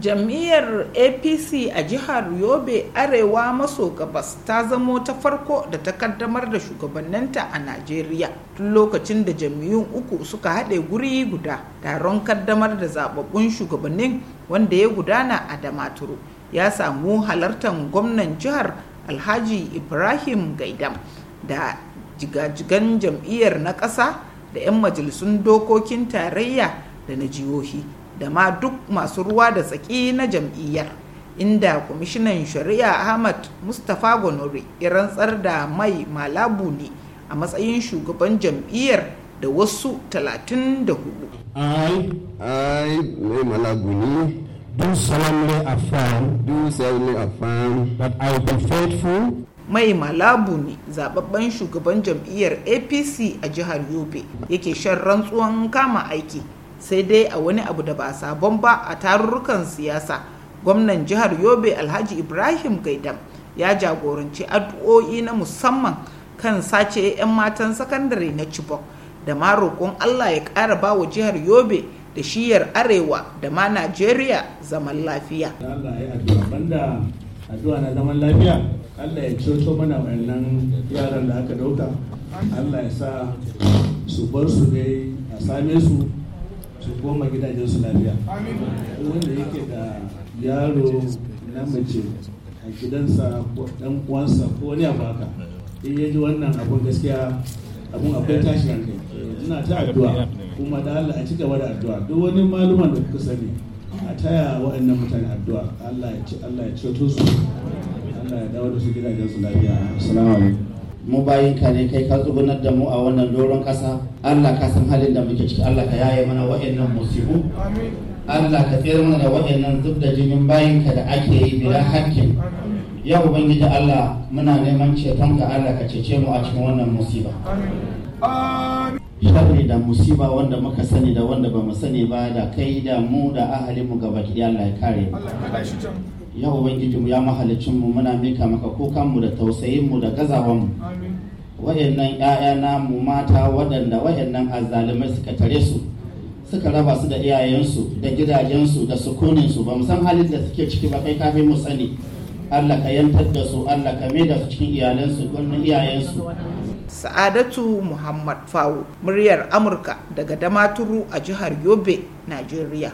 jam'iyyar apc a jihar yobe arewa maso gabas ta zamo ta farko da ta kaddamar da shugabanninta a najeriya tun lokacin da jam'iyyun uku suka haɗe guri guda taron kaddamar da zababbun shugabannin wanda ya gudana a damaturu ya samu halartar gwamnan jihar alhaji ibrahim gaidam da jigajigan jam'iyyar na ƙasa da 'yan majalisun dokokin tarayya da na jihohi da ma duk masu ruwa da tsaki na jam'iyyar inda kwamishinan shari'a ahmad mustapha gonore ya rantsar da mai malabu ne a matsayin shugaban jam'iyyar da wasu 34 i i mai malabu ne do solemnly affirm do solemnly affirm that i will be faithful mai malabu ne zababben shugaban jam'iyyar apc a jihar yobe yake shan rantsuwan kama aiki sai dai a wani abu da ba sabon ba a tarurrukan siyasa gwamnan jihar yobe alhaji ibrahim gaidam ya jagoranci addu'o'i na musamman kan sace 'yan matan sakandare na chibok da ma roƙon allah ya ƙara ba wa jihar yobe da shiyar arewa da ma najeriya zaman lafiya addu'a na zaman lafiya allah ya mana wannan yaran da aka dauka allah ya sa su bar su dai a same su su goma gidajen su lafiya wanda yake da yaro na mace a gidansa ko dan uwansa ko wani abu haka in yaji wannan abun gaskiya abun akwai tashi hankali ina ta addu'a kuma da Allah a ci gaba da addu'a duk wani maluman da kuka sani a taya waɗannan mutane addu'a Allah ya ci Allah ya ceto su Allah ya dawo da su gidajen su lafiya assalamu alaikum mu bayin ka ne kai ka tsugunar da mu a wannan doron kasa Allah ka san halin da muke ciki Allah ka yaye mana wa'annan musibu Allah ka tsere mana da wa'annan zub da jinin bayin ka da ake yi bila hakkin ya ubangiji Allah muna neman ceton ka Allah ka cece mu a cikin wannan musiba sharri da musiba wanda muka sani da wanda ba mu sani ba da kai da mu da ahalin mu gaba ki Allah ya kare mu yau ya mu ya mu muna mika maka mu da tausayin mu da gazawan gazawanmu wayannan ‘ya'ya mu mata waɗanda wayannan azzalumai suka tare su suka raba su da iyayensu da gidajensu da su ba san halin da suke ciki ba kai kafin mu sani Allah ka yantar da su Allah ka mai da su cikin iyalansu wannan iyayensu Sa'adatu Muhammad Fawo muryar Amurka daga Damaturu a jihar Yobe Najeriya